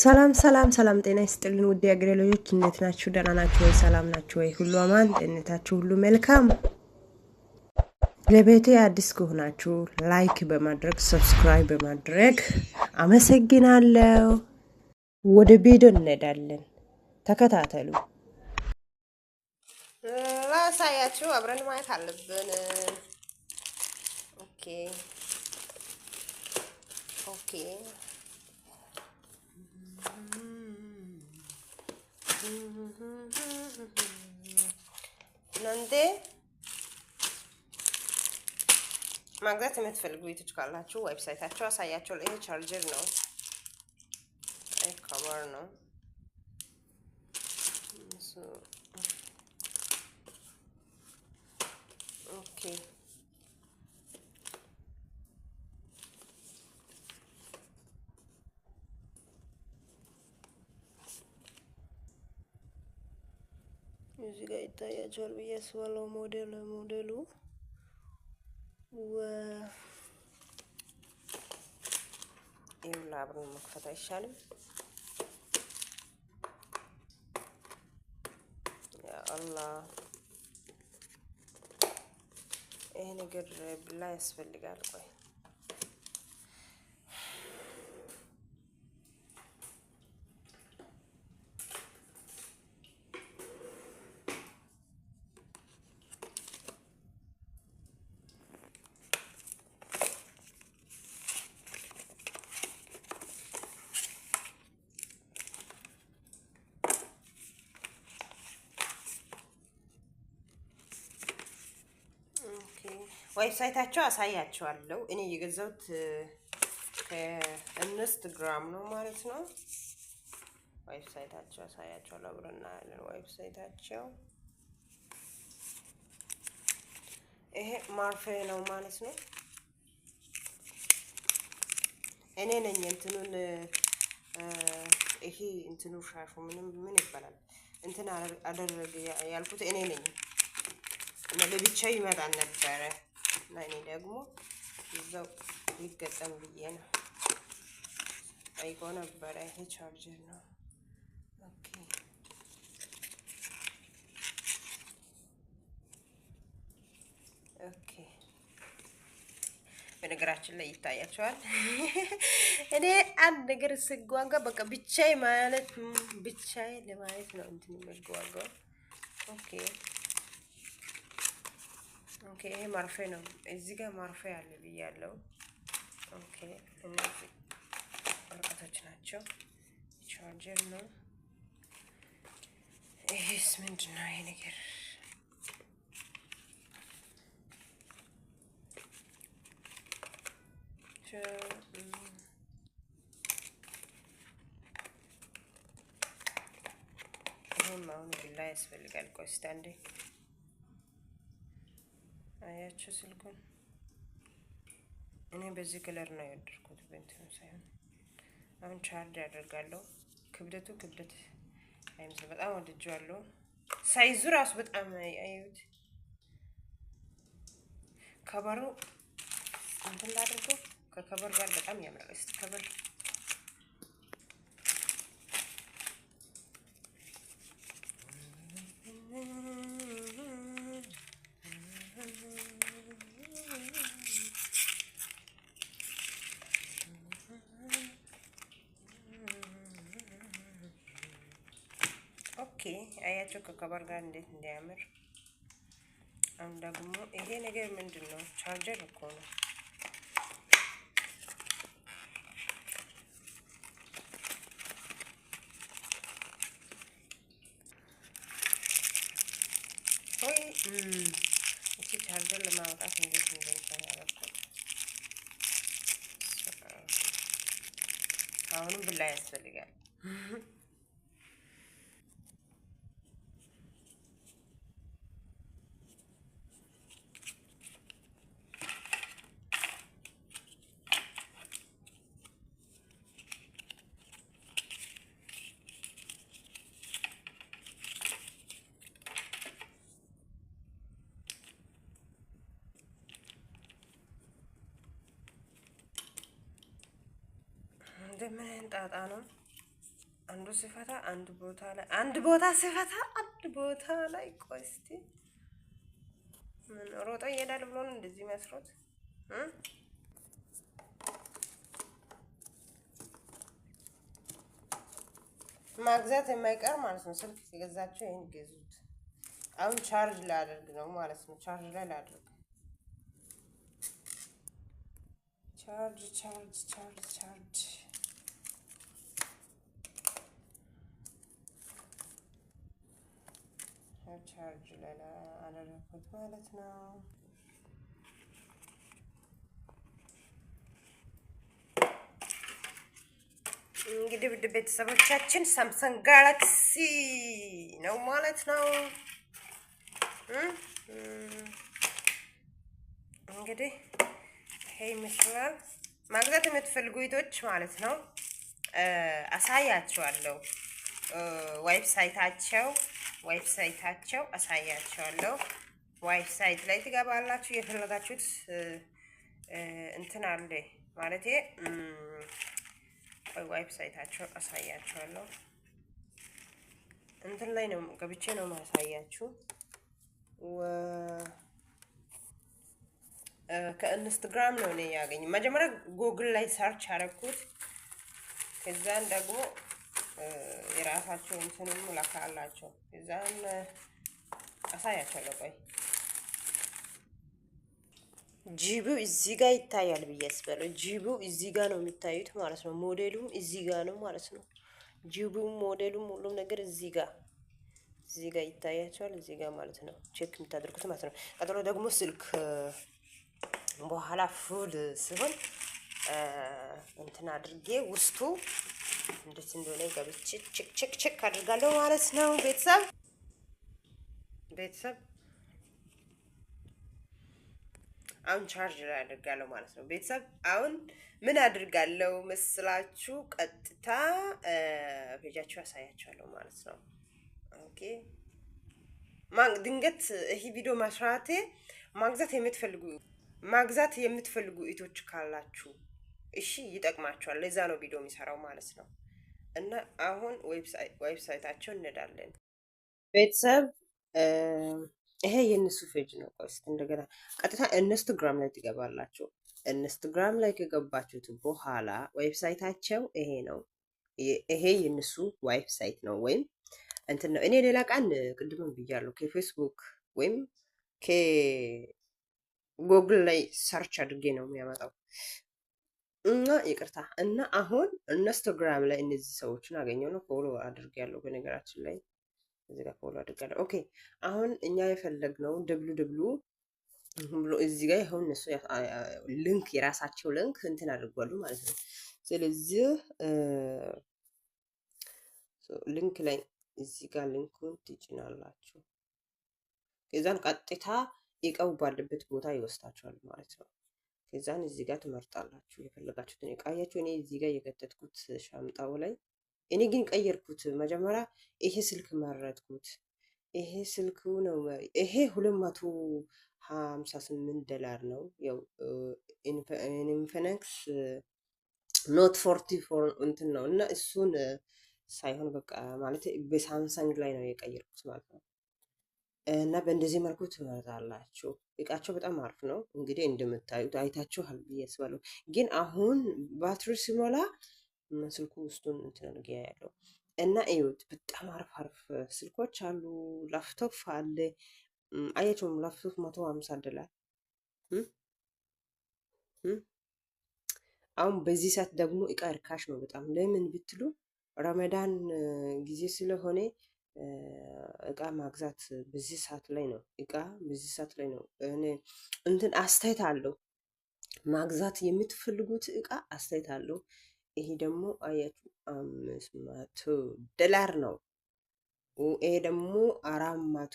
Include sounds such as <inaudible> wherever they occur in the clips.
ሰላም ሰላም ሰላም፣ ጤና ይስጥልን ውድ የአገሬ ልጆች እንዴት ናችሁ? ደህና ናችሁ ወይ? ሰላም ናችሁ ወይ? ሁሉ አማን፣ ጤንነታችሁ ሁሉ መልካም። ለቤቴ አዲስ ከሆናችሁ ላይክ በማድረግ ሰብስክራይብ በማድረግ አመሰግናለሁ። ወደ ቪዲዮ እንሄዳለን፣ ተከታተሉ። ላሳያችሁ፣ አብረን ማየት አለብን። ኦኬ ኦኬ Nandi? Magda timet fil-gwit iġkalla ċu websajt għacċu għasajja ċu l-HR no. Ekka barnu. So. Okay. እዚህ ጋር ይታያቸዋል ብዬ አስባለሁ። ሞዴል ሞዴሉ ይሁን አብረን መክፈት አይሻልም? አላህ ይሄ ነገር ብላ ያስፈልጋል። ቆይ ዌብሳይታቸው አሳያቸዋለሁ። እኔ የገዛሁት ከኢንስትግራም ነው ማለት ነው። ዌብሳይታቸው አሳያቸዋለሁ። አብረን እናያለን። ዌብሳይታቸው ይሄ ማርፌ ነው ማለት ነው። እኔ ነኝ እንትኑን ይሄ እንትኑ ሻሹ ምንም ምን ይባላል እንትን አደረገ ያልኩት እኔ ነኝ። ለብቻ ይመጣል ነበረ ለእኔ ደግሞ ይዘው ሊገጠም ብዬ ነው ጠይቆ ነበረ። ይሄ ቻርጀር ነው። ኦኬ ኦኬ። በነገራችን ላይ ይታያቸዋል። <laughs> እኔ አንድ ነገር ስጓጓ በቃ ብቻዬ ማለት ብቻዬ ለማለት ነው እንትን የምጓጓው ኦኬ ኦኬ ይሄ ማርፌ ነው። እዚህ ጋር ማርፌ አለ ብያለው። ኦኬ እነዚህ ወረቀቶች ናቸው። ቻርጀር ነው። ይሄስ ምንድን ነው ይሄ ነገር? ይሄም አሁን ግላ ያስፈልጋል። ቆስታ እንዴ አያችሁ ስልኩን። እኔ በዚህ ክለር ነው ያደርኩት፣ በእንትኑ ሳይሆን አሁን ቻርጅ አደርጋለሁ። ክብደቱ ክብደት አይመስል በጣም ወድጄዋለሁ። ሳይዙ ራሱ በጣም አዩት። ከበሩ እንትን ላድርገው፣ ከከበር ጋር በጣም ያምራል። እስቲ ከበር ኦኬ አያቸው ከከበር ጋር እንዴት እንዲያምር። አሁን ደግሞ ይሄ ነገር ምንድን ነው? ቻርጀር እኮ ነው። ወይ እቺ ቻርጀር ለማውጣት እንዴት እንደሚሰራ ያደረኩት። አሁንም ብላ ያስፈልጋል ምን ጣጣ ነው? አንዱ ሲፈታ አንድ ቦታ ላይ አንድ ቦታ አንድ ቦታ ላይ ቆይ እስቲ ምን ሮጦ ይሄዳል ብሎ ነው እንደዚህ መስሮት ማግዛት የማይቀር ማለት ነው። ስልክ የገዛቸው ገዙት። አሁን ቻርጅ ላደርግ ነው ማለት ነው። ቻርጅ ላይ ላደርግ ቻርጅ ቻርጅ ቻርጅ ቻርጅ ቻርጅ ላይ አደረኩት ማለት ነው። እንግዲህ ውድ ቤተሰቦቻችን ሳምሰንግ ጋላክሲ ነው ማለት ነው። እንግዲህ ይሄ ይመስላል። ማግዛት የምትፈልጉ እህቶች ማለት ነው አሳያችኋለሁ ዌብሳይታቸው ዌብሳይታቸው አሳያቸዋለሁ። ዌብሳይት ላይ ትገባላችሁ። የፈለጋችሁት እንትን አለ ማለት ዌብሳይታቸው አሳያቸዋለሁ። እንትን ላይ ነው ገብቼ ነው ማሳያችሁ ከኢንስትግራም ነው እኔ ያገኘ መጀመሪያ ጎግል ላይ ሰርች አደረኩት። ከዛን ደግሞ የራሳቸውን እንትንም ላካ አላቸው። እዛን አሳያቸዋለሁ። ቆይ ጂቡ እዚህ ጋር ይታያል ብዬ አስባለሁ። ጂቡ እዚህ ጋር ነው የሚታዩት ማለት ነው። ሞዴሉም እዚህ ጋር ነው ማለት ነው። ጂቡም ሞዴሉም ሁሉም ነገር እዚህ ጋር እዚህ ጋር ይታያቸዋል። እዚህ ጋር ማለት ነው። ቼክ የምታደርጉት ማለት ነው። ቀጥሎ ደግሞ ስልክ በኋላ ፉል ሲሆን እንትን አድርጌ ውስጡ እንዴት እንደሆነ ገብቼ ችክ ችክ ችክ አድርጋለሁ ማለት ነው። ቤተሰብ ቤተሰብ አሁን ቻርጅ ላይ አድርጋለሁ ማለት ነው። ቤተሰብ አሁን ምን አድርጋለሁ መስላችሁ? ቀጥታ ፔጃችሁ ያሳያችኋለሁ ማለት ነው። ኦኬ ድንገት ይህ ቪዲዮ መስራቴ ማግዛት የምትፈልጉ ማግዛት የምትፈልጉ እህቶች ካላችሁ እሺ ይጠቅማቸዋል። ለዛ ነው ቪዲዮ የሚሰራው ማለት ነው። እና አሁን ዌብሳይታቸው እንሄዳለን። ቤተሰብ ይሄ የእነሱ ፌጅ ነው። ቆስት እንደገና ቀጥታ ኢንስትግራም ላይ ትገባላችሁ። ኢንስትግራም ላይ ከገባችሁት በኋላ ዌብሳይታቸው ይሄ ነው። ይሄ የእነሱ ዌብሳይት ነው ወይም እንትን ነው። እኔ ሌላ ቀን ቅድምም ብያለሁ ከፌስቡክ ወይም ከጎግል ላይ ሰርች አድርጌ ነው የሚያመጣው እና ይቅርታ እና አሁን ኢንስታግራም ላይ እነዚህ ሰዎችን አገኘው ነው ፎሎ አድርግ ያለው በነገራችን ላይ እዚህ ጋር ፎሎ ያለው ኦኬ አሁን እኛ የፈለግነው ደብሉ ደብሉ ብሎ እዚህ ጋር ይኸው እነሱ ልንክ የራሳቸው ልንክ እንትን አድርጓሉ ማለት ነው። ስለዚህ ልንክ ላይ እዚህ ጋር ልንኩን ትጭናላችሁ። ከዛን ቀጥታ እቃው ባለበት ቦታ ይወስዳችኋል ማለት ነው። ከዛን እዚህ ጋር ትመርጣላችሁ የፈለጋችሁትን የቃያችሁ። እኔ እዚህ ጋር የከተትኩት ሻምጣው ላይ እኔ ግን ቀየርኩት። መጀመሪያ ይሄ ስልክ መረጥኩት። ይሄ ስልክ ነው። ይሄ ሁለት መቶ ሀምሳ ስምንት ዶላር ነው። ያው ኢንፊኒክስ ኖት ፎርቲ ፎር እንትን ነው እና እሱን ሳይሆን በቃ ማለት በሳምሰንግ ላይ ነው የቀየርኩት ማለት ነው። እና በእንደዚህ መልኩ ትመርጣላችሁ። እቃቸው በጣም አሪፍ ነው። እንግዲህ እንደምታዩት አይታችኋል ብዬ አስባለሁ። ግን አሁን ባትሪ ሲሞላ ስልኩ ውስጡን እንትነንገ ያለው እና እዩት። በጣም አሪፍ አሪፍ ስልኮች አሉ። ላፕቶፕ አለ። አያቸውም። ላፕቶፕ መቶ ሀምሳ ዶላር አሁን በዚህ ሰዓት ደግሞ እቃ እርካሽ ነው በጣም ለምን ብትሉ ረመዳን ጊዜ ስለሆነ እቃ ማግዛት በዚህ ሰዓት ላይ ነው። እቃ በዚህ ሰዓት ላይ ነው። እኔ እንትን አስተያየት አለው ማግዛት የምትፈልጉት እቃ አስተያየት አለው። ይሄ ደግሞ አያችሁ አምስት መቶ ዶላር ነው። ይሄ ደግሞ አራት መቶ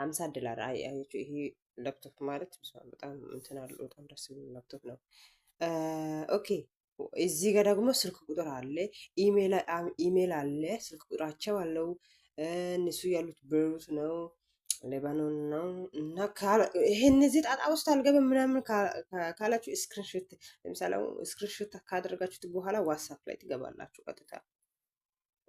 ሀምሳ ዶላር አያችሁ። ይሄ ላፕቶፕ ማለት በጣም እንትን አለው። በጣም ደስ የሚል ላፕቶፕ ነው። ኦኬ እዚህ ጋር ደግሞ ስልክ ቁጥር አለ፣ ኢሜል አለ፣ ስልክ ቁጥራቸው አለው። እነሱ ያሉት ቤሩት ነው፣ ሌባኖን ነው እና ይሄ እነዚህ ጣጣ ውስጥ አልገባም ምናምን ካላችሁ ስክሪንሾት ለምሳሌ ስክሪንሾት ካደረጋችሁት በኋላ ዋትሳፕ ላይ ትገባላችሁ። ቀጥታ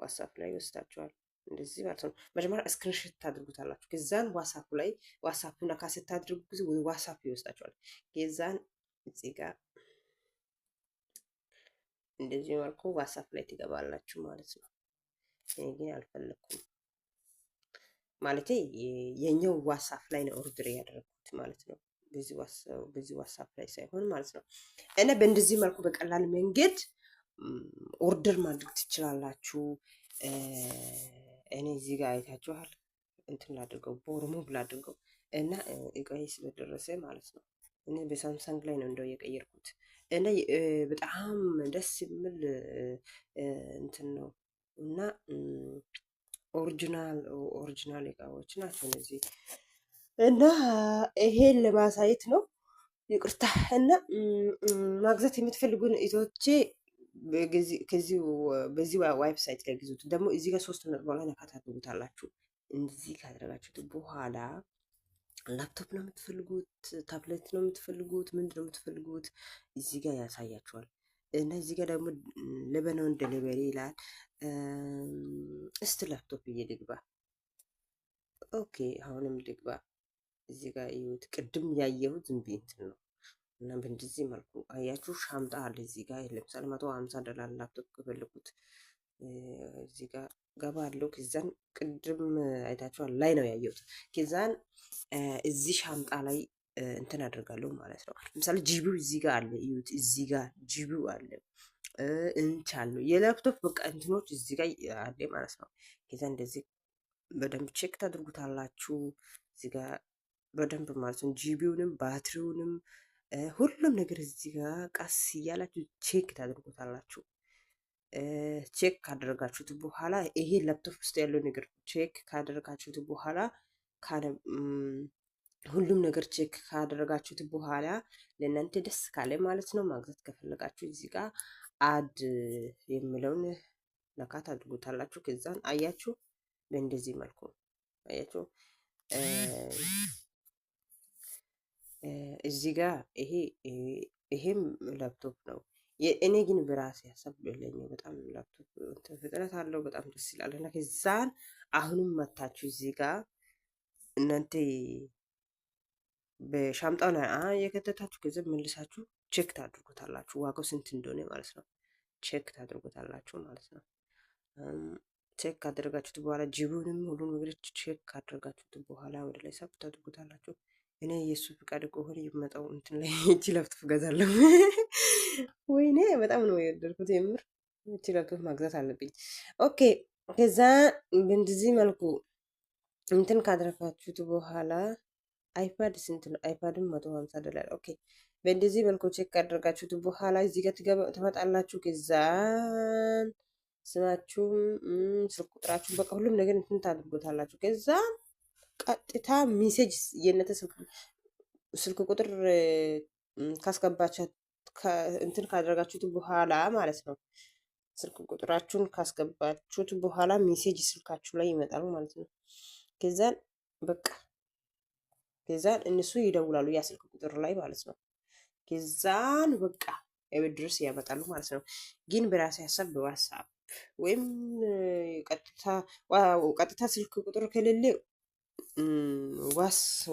ዋትሳፕ ላይ ይወስዳችኋል። እንደዚህ ማለት ነው። መጀመሪያ ስክሪንሾት ታድርጉታላችሁ። ከዛን ዋትሳፕ ላይ ዋትሳፕ እና ካሴት ታድርጉ ጊዜ ዋትሳፕ ይወስዳችኋል። ከዛን እዚህ ጋር እንደዚህ መልኩ ዋትሳፕ ላይ ትገባላችሁ ማለት ነው። እኔ ግን አልፈለኩም ማለት የኛው ዋትሳፕ ላይ ነው ኦርደር ያደረኩት ማለት ነው። በዚህ ዋትሳፕ ላይ ሳይሆን ማለት ነው። እና በእንደዚህ መልኩ በቀላል መንገድ ኦርደር ማድረግ ትችላላችሁ። እኔ እዚህ ጋር አይታችኋል። እንትን ላድርገው፣ ቦርሞ ብላ አድርገው እና እቃዬ ስለደረሰ ማለት ነው እኔ በሳምሰንግ ላይ ነው እንደው የቀየርኩት እና በጣም ደስ የሚል እንትን ነው እና ኦሪጂናል ኦሪጂናል እቃዎች ናቸው እነዚህ እና ይሄን ለማሳየት ነው። ይቅርታ እና ማግዛት የምትፈልጉን እህቶቼ በዚህ ዌብሳይት ላይ ግዙት። ደግሞ እዚህ ጋር ሶስት ነጥብ ላይ ነካታ ትጉታላችሁ። እንዚህ ካደረጋችሁት በኋላ ላፕቶፕ ነው የምትፈልጉት? ታብሌት ነው የምትፈልጉት? ምንድን ነው የምትፈልጉት? እዚህ ጋር ያሳያችኋል። እና እዚህ ጋር ደግሞ ለበናውን ደሊቨሪ ይላል። እስቲ ላፕቶፕ እየድግባ ኦኬ፣ አሁንም ድግባ። እዚህ ጋር ይሁት ቅድም ያየሁት ዝም ብዬ እንትን ነው እና በእንደዚህ መልኩ አያችሁ፣ ሻምጣ አለ እዚህ ጋር ለምሳሌ መቶ ሀምሳ ዶላር ላፕቶፕ ከፈለጉት እዚህ ጋር ገባ አለው። ከዛን ቅድም አይታችኋል ላይ ነው ያየሁት። ከዛን እዚህ ሻንጣ ላይ እንትን አድርጋለሁ ማለት ነው። ለምሳሌ ጂቢው እዚህ ጋር አለ፣ እዩት። እዚህ ጋር ጂቢው አለ፣ እንች አለ፣ የላፕቶፕ በቃ እንትኖች እዚህ ጋር አለ ማለት ነው። ከዛ እንደዚህ በደንብ ቼክ ታድርጉታላችሁ እዚህ ጋር በደንብ ማለት ነው። ጂቢውንም ባትሪውንም ሁሉም ነገር እዚህ ጋር ቀስ እያላችሁ ቼክ ታድርጉታላችሁ። ቼክ ካደረጋችሁት በኋላ ይሄ ላፕቶፕ ውስጥ ያለው ነገር ቼክ ካደረጋችሁት በኋላ ሁሉም ነገር ቼክ ካደረጋችሁት በኋላ ለእናንተ ደስ ካለ ማለት ነው ማግዛት ከፈለጋችሁ እዚህ ጋር አድ የሚለውን ነካት አድርጎታላችሁ። ከዛን አያችሁ፣ በእንደዚህ መልኩ አያችሁ። እዚህ ጋር ይሄ ይሄም ላፕቶፕ ነው እኔ ግን በራሴ ሀሳብ ለኛ በጣም ላፕቶፕ ፍጥነት አለው። በጣም ደስ ይላል እና ከዛን አሁንም መታችሁ እዚህ ጋር እናንተ በሻምጣ ላይ የከተታችሁ ገንዘብ መልሳችሁ ቼክ ታድርጎታላችሁ። ዋጋው ስንት እንደሆነ ማለት ነው። ቼክ ታድርጎታላችሁ ማለት ነው። ቼክ ካደረጋችሁት በኋላ ጅቡንም ሁሉ ነገሮች ቼክ ካደረጋችሁት በኋላ ወደ ላይ ሳብ ታድርጎታላችሁ። እኔ የእሱ ፍቃድ ከሆነ ይመጣው እንትን ላይ እጅ ላፕቶፕ ገዛለሁ። ወይኔ በጣም ነው የወደድኩት። የምር ችለቶች ማግዛት አለብኝ። ኦኬ ከዛ በእንደዚህ መልኩ እንትን ካደረጋችሁት በኋላ አይፓድ ስንት ነው? አይፓድም መቶ ሀምሳ ዶላር። ኦኬ በእንደዚህ መልኩ ቼክ ካደረጋችሁት በኋላ እዚህ ጋር ትመጣላችሁ። ከዛ ስማችሁም ስልክ ቁጥራችሁም በቃ ሁሉም ነገር እንትን ታድርጎታላችሁ። ከዛ ቀጥታ ሚሴጅ የእናንተ ስልክ ቁጥር ካስገባቻት እንትን ካደረጋችሁት በኋላ ማለት ነው ስልክ ቁጥራችሁን ካስገባችሁት በኋላ ሜሴጅ ስልካችሁ ላይ ይመጣል ማለት ነው። ከዛን በቃ ከዛን እነሱ ይደውላሉ ያ ስልክ ቁጥር ላይ ማለት ነው። ከዛን በቃ የቤት ድረስ ያመጣሉ ማለት ነው። ግን በራሴ ሀሳብ በዋትስአፕ ወይም ቀጥታ ስልክ ቁጥር ከሌለ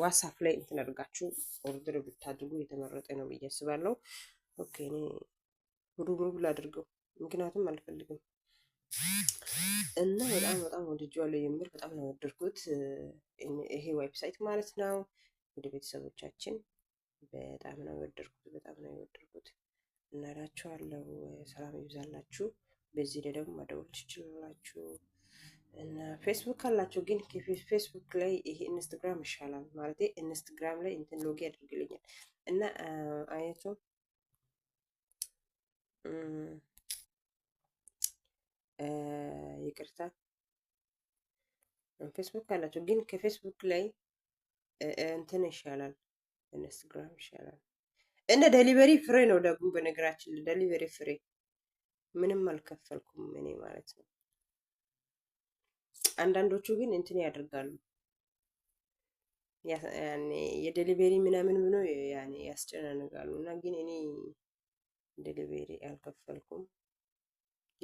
ዋትስአፕ ላይ እንትን አድርጋችሁ ኦርደር ብታድርጉ የተመረጠ ነው ብዬ አስባለሁ። ኦኬ እኔ ሩብ አድርገው ምክንያቱም አልፈልግም እና በጣም በጣም ወድጄዋለሁ። የምር በጣም ነው ወደድኩት፣ ይሄ ዌብሳይት ማለት ነው። ወደ ቤተሰቦቻችን በጣም ነው የወደድኩት፣ በጣም ነው የወደድኩት። እናላችኋለሁ፣ ሰላም ይብዛላችሁ። በዚህ ላይ ደግሞ ማደወል ትችላላችሁ እና ፌስቡክ አላቸው ግን ፌስቡክ ላይ ይሄ ኢንስትግራም ይሻላል ማለት ኢንስትግራም ላይ እንትን ሎጌ ያደርግልኛል እና አይነቱም ይቅርታ ፌስቡክ አላቸው፣ ግን ከፌስቡክ ላይ እንትን ይሻላል፣ ኢንስትግራም ይሻላል። እንደ ደሊቨሪ ፍሬ ነው ደግሞ በነገራችን ደሊቨሪ ፍሬ ምንም አልከፈልኩም እኔ ማለት ነው። አንዳንዶቹ ግን እንትን ያደርጋሉ የደሊቨሪ ምናምን ብሎ ያስጨናንቃሉ እና ግን እኔ ደሊቬሪ አልከፈልኩም።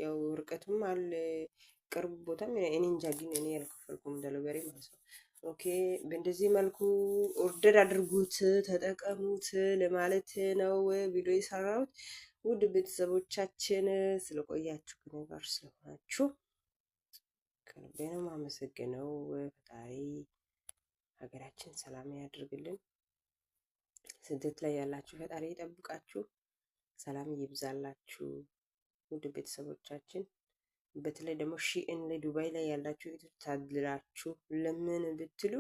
ያው ርቀቱም አለ ቅርብ ቦታም እኔ እንጃ፣ ግን እኔ አልከፈልኩም ደሊቬሪ ማለት ነው። ኦኬ፣ በእንደዚህ መልኩ ኦርደር አድርጉት፣ ተጠቀሙት ለማለት ነው ቪዲዮ የሰራሁት። ውድ ቤተሰቦቻችን ስለቆያችሁ ከኔ ጋር ስለሆናችሁ ከልቤ ነው የማመሰግነው። ፈጣሪ ሀገራችን ሰላም ያድርግልን። ስደት ላይ ያላችሁ ፈጣሪ ይጠብቃችሁ። ሰላም ይብዛላችሁ ውድ ቤተሰቦቻችን። በተለይ ደግሞ ሺኤን ላይ ዱባይ ላይ ያላችሁ ቤቶች ታድላችሁ። ለምን ብትሉ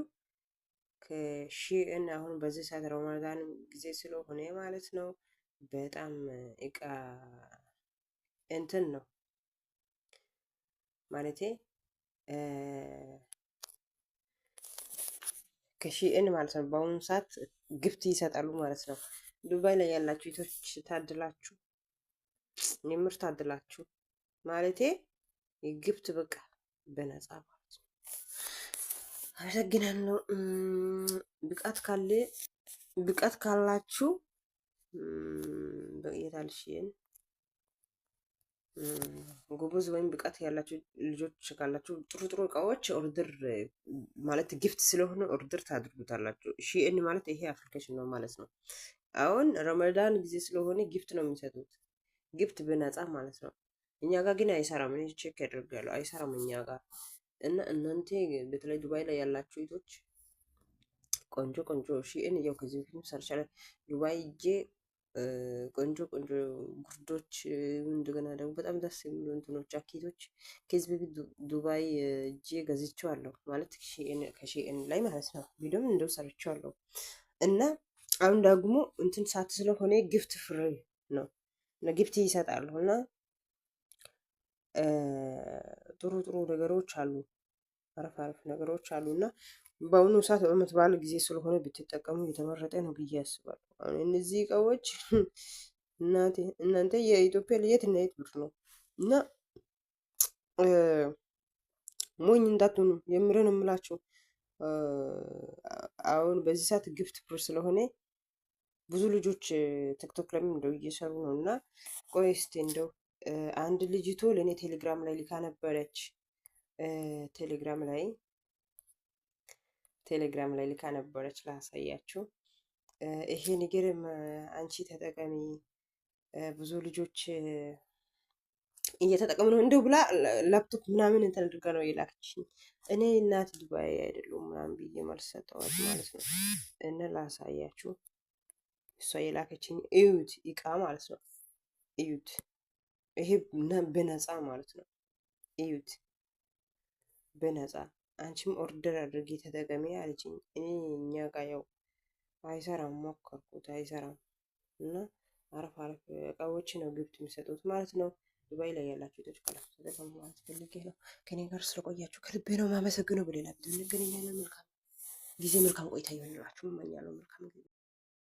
ከሺኤን አሁን በዚህ ሰዓት ረመዳን ጊዜ ስለሆነ ማለት ነው በጣም እቃ እንትን ነው ማለቴ ከሺኤን ማለት ነው በአሁኑ ሰዓት ግብት ይሰጣሉ ማለት ነው። ዱባይ ላይ ያላችሁ ሴቶች ታድላችሁ፣ የምር ታድላችሁ። ማለቴ የግብት በቃ በነጻ ማለት ነው። አመሰግናለሁ። ብቃት ካለ ብቃት ካላችሁ የታልሽን ጎበዝ ወይም ብቃት ያላችሁ ልጆች ካላችሁ ጥሩ ጥሩ እቃዎች ኦርድር ማለት ጊፍት ስለሆነ ኦርድር ታድርጉታላችሁ። ሺኤን ማለት ይሄ አፕሊኬሽን ነው ማለት ነው። አሁን ረመዳን ጊዜ ስለሆነ ግፍት ነው የሚሰጡት። ግፍት በነጻ ማለት ነው። እኛ ጋር ግን አይሰራም። እኔ ቼክ ያደርጋለሁ፣ አይሰራም እኛ ጋር እና እናንተ በተለይ ዱባይ ላይ ያላችሁ ሴቶች ቆንጆ ቆንጆ እሺ፣ እኔ ያው ከዚህ በፊት ሰርቻለሁ ዱባይ እጄ ቆንጆ ቆንጆ ጉርዶች እንደገና ደግሞ በጣም ደስ የሚሉ እንትኖች ጃኬቶች ከዚህ በፊት ዱባይ እጄ ገዝቼዋለሁ ማለት ከሺእን ላይ ማለት ነው። ቪዲዮም እንደው ሰርቼዋለሁ እና አሁን ደግሞ እንትን ሳት ስለሆነ ግፍት ፍሪ ነው እና ግፍት ይሰጣሉ እና ጥሩ ጥሩ ነገሮች አሉ፣ አረፍ አረፍ ነገሮች አሉ እና በአሁኑ ሰዓት በዓመት በዓል ጊዜ ስለሆነ ብትጠቀሙ የተመረጠ ነው ብዬ አስባለሁ። አሁን እነዚህ እቃዎች <laughs> እናንተ የኢትዮጵያ ለየት እና የት ብር ነው እና ሞኝ እንዳትሆኑ የምርን የምላቸው አሁን በዚህ ሰዓት ግፍት ብር ስለሆነ ብዙ ልጆች ቲክቶክ ላይም እንደው እየሰሩ ነው እና ቆይ እስቲ እንደው አንድ ልጅቶ ለእኔ ቴሌግራም ላይ ሊካ ነበረች። ቴሌግራም ላይ ቴሌግራም ላይ ልካ ነበረች። ላሳያችሁ። ይሄ ንገርም አንቺ ተጠቀሚ ብዙ ልጆች እየተጠቀሙ ነው እንደው ብላ ላፕቶፕ ምናምን እንትን አድርጋ ነው የላከችኝ። እኔ እናት ዱባይ አይደሉም ምናምን ብዬ መልሰጠዋት ማለት ነው እና ላሳያችሁ እሷ የላከችኝ እዩት እቃ ማለት ነው። እዩት፣ ይሄ በነፃ ማለት ነው። እዩት በነፃ አንቺም ኦርደር አድርጊ ተጠቀሚ አለችኝ። እኔ እኛ ጋ ያው አይሰራም፣ ሞከርኩት አይሰራም። እና አረፍ አረፍ እቃዎች ነው ግብት የሚሰጡት ማለት ነው። ዱባይ ላይ ያላችሁ ቶች ቀላፍ ተጠቀሙ ማለት ፈልጌ ነው። ከኔ ጋር ስለቆያችሁ ከልቤ ነው ማመሰግነው። በሌላ ጊዜ መልካም ጊዜ፣ መልካም ቆይታ ይሆንላችሁ እመኛለሁ። መልካም ጊዜ